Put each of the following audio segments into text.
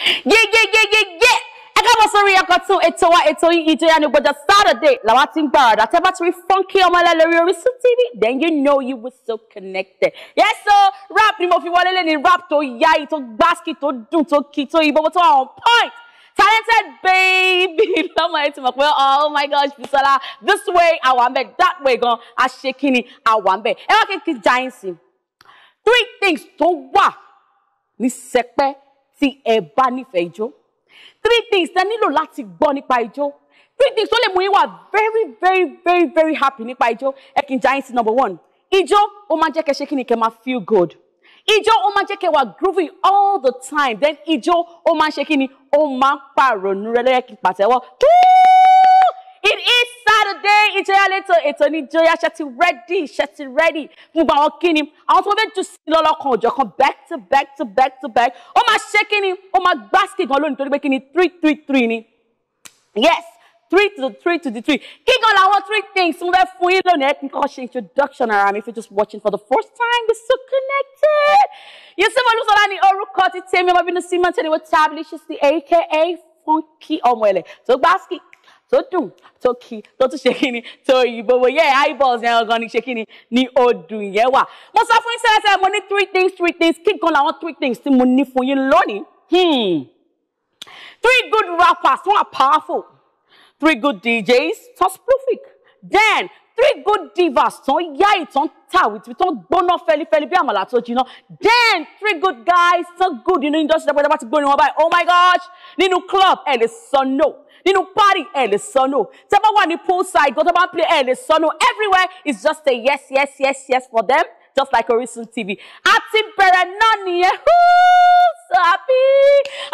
Yeah yeah yeah yeah yeah. I yeyeyeyeye ẹ káàbọ̀ sórí ọkọ̀ tún ètò wa ètò yìí ìjọyà ní gbọdọ̀ Saturday làwa ti ń gbàràdà tẹ́ bá ti rí funky ọmọlẹ́ lórí Orísun TV then you know you were so connected yes so rap ni mo fi wọlé lé ní rap tó yá yìí tó gbásíkì tó dùn tó to tó yìí bọ́bọ́ tó on point talented baby lọ́mọ ẹ oh my gosh this way I ń bẹ̀ that way gan I àwa it, bẹ̀ ẹ wá kékeré giant three things to wà ni sepe tí ẹ bá nífẹ̀ẹ́ ijó three things tẹ́ nílò láti gbọ́ nípa ijó three things tó lè mú yín wà very very very very happy nípa ijó ẹ kì í já yín number one ijó ó máa ń jẹ́ kẹ́ ṣe kí ni kẹ́ máa feel good ijó ó máa ń jẹ́ kẹ́ wà groovy all the time then ijó ó máa ń ṣe kí ni ó máa ń pààrọ̀ nù pàtẹ́wọ́ kíí. Olúwadé ìjọyà létò ètò ní ìjọyà ṣe ti rẹ́dí ṣe ti rẹ́dí fún gbogbo àwọn kíni àwọn tí wọ́n fẹ́ jù sí lọ́lọ́kan ọjọ́ kan back to back to back to back ó máa ṣe kíni ó máa gbásìkì gan lónìí torí pé kíni three three three ni yes three to three to the three kíkan làwọn three things mo fẹ́ fún yín lónìí ẹ kí ṣe introduction ara mi if you just watching for the first time be so connected Yusuf Olúṣọlá ni orúkọ ti tèmi ọmọbìnrin simon tẹniwó tábìlì ṣe sí aka funky ọmọ ẹlẹ tó gbásìkì tó dùn tó kí tó tún ṣe kíni tó yí gbogbo yẹ eyeballs yẹn gan ni ṣe kíni ni odù yẹn wà. mo sọ fún yín sẹ́lẹ̀sẹ̀ mo ní three things three things kí kan làwọn three things tí mo ní fún yín lónìí. Hmm. three good rappers wọ́n are powerful three good DJs tó prolific then three good divas tán yá ìtàn tàwìtì tán gbóná fẹlifẹli bí àmàlà tó jiná then three good guys so good nínú industry dápẹ́dápẹ́ ti gbóni wọn báyìí oh my gosh nínú club ẹ̀ lè sọ no nínú party ẹ lè sọ no tẹ bá wà ní poolside gan tó bá ń play ẹ lè sọ no everywhere is just a yes yes yes yes for them just like Orisun TV àti bẹ̀rẹ̀ náà nìyẹn so happy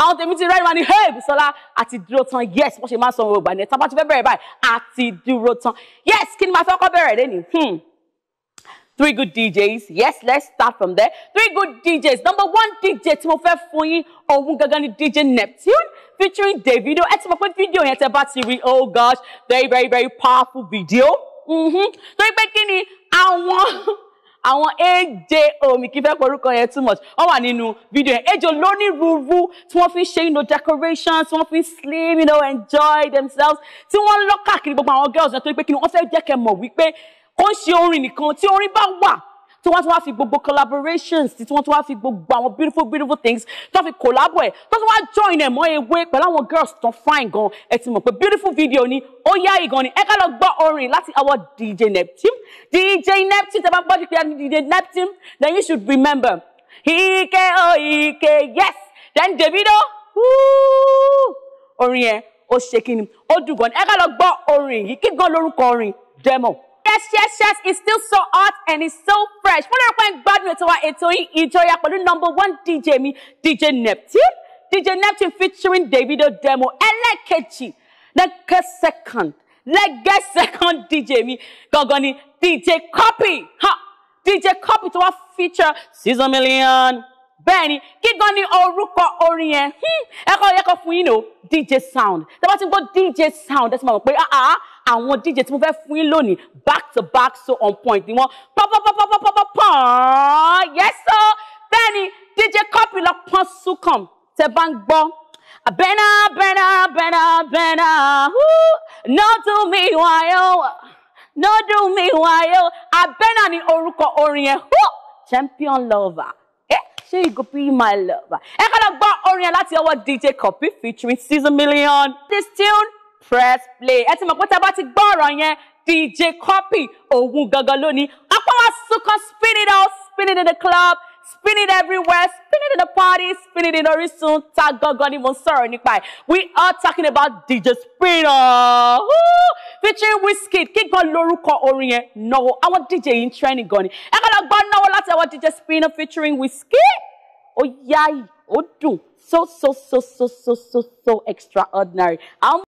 àwọn tèmi ti rẹ́ni wá ní hey Bùsọ́lá àti dúró tán yes wọ́n ṣe máa ń sọ ohun ògbà ní ẹ̀ tá bá ti fẹ́ bẹ̀rẹ̀ báyìí àti dúró tán yes kí ni màá fẹ́ kọ́ bẹ̀rẹ̀ Hmm. three good DJs yes let's start from there three good DJs number one DJ tí mo fẹ́ fún yín òun gangan ni DJ Neptune featuring Davido ẹ ti mọ̀ pé fídíò yẹn tẹ́ bá ti rí oh gosh very very very powerful video. Mm-hmm. torí pé kí ni àwọn àwọn AJO mi kì í fẹ́ porúkọ yẹn too much wọ́n wà nínú fídíò yẹn AJO lónírúurú tí wọ́n fi ṣe you know decorations tí wọ́n fi slim you know enjoy themselves tí wọ́n lọ́ káàkiri gbogbo àwọn girls yẹn torí pé kí ni wọ́n fẹ́ jẹ́ kẹ́ mọ̀ wípé kò ń ṣe orin nìkan tí orin bá wà tí wọ́n tún wá fi gbogbo collaborations tí wọ́n tún wá fi gbogbo àwọn beautiful beautiful things tó fi collabo ẹ̀ tó tún wá join ẹ̀ mọ́ ewé pẹ̀lú àwọn girls tó fine gan ẹ ti mọ̀ pé beautiful video ni ó yá ìgan ni ẹ ká lọ gbọ́ orin láti ọwọ́ DJ Neptune DJ Neptune tẹ́ bá gbọ́ dípẹ́ DJ Neptune then you should remember ike o ike yes then Davido orin yẹn ó ṣe kí ni ó dùn gan ni ẹ ká lọ gbọ́ orin yìí kí gan lórúkọ orin demo yes yes yes it's still so hot and it's so fresh fún lórí pé ń gbádùn ètò wa ètò yìí ìjọya pẹ̀lú number one dj mi dj neptune dj neptune featuring davido demo ẹlẹ́kejì lẹ́gẹ́ second lẹ́gẹ́ second dj mi gangan ni dj copy ha dj copy tó wá feature season million bẹ́ẹ̀ ni gígan ni orúkọ orin yẹn hmm! ẹ̀kọ́ yẹ́kọ́ fún yín ní o dj sound tẹ́ bá ti ń gbọ́ dj sound ẹ ti máa mọ̀ pé ah ah àwọn díje tí mo fẹ́ fún yín lónìí back to back so on point ni wọ́n pọ́npọ́npọ́npọ́npọ́n yẹ́sọ́ bẹ́ẹ̀ ni DJ Cuppy lọ pọ́n Sucum tẹ́ bá ń gbọ́. Bena, bena, bena, bena, no do me wayo, oh. no do me wayo, oh. Abena ni orúkọ orin yẹn, champion lover eh, ṣé you go be my lover. ẹ kọ́ lọ gbọ́ orin ẹ̀ láti ọwọ́ DJ copy featuring Season Million. This tune press play ẹ ti mọ̀ pé tá a bá ti gbọ́ ọ̀rọ̀ yẹn dj copy òun gangan lónìí apá wa sunkàn spin it out spin it in the club spin it everywhere spin it in the party spin it in Orisun ta gangan ni mo ń sọ̀rọ̀ nípa ẹ̀ we are talking about dj spinner featuring Wizkid kí gan lórúkọ orin yẹn náwó àwọn dj yìí ń training gan ni ẹ kàn lọ gbọ́ náwó láti ọwọ́ dj spinner featuring Whiskey. ó yáyì ó dùn so so so so so so so extraordinary. I'm.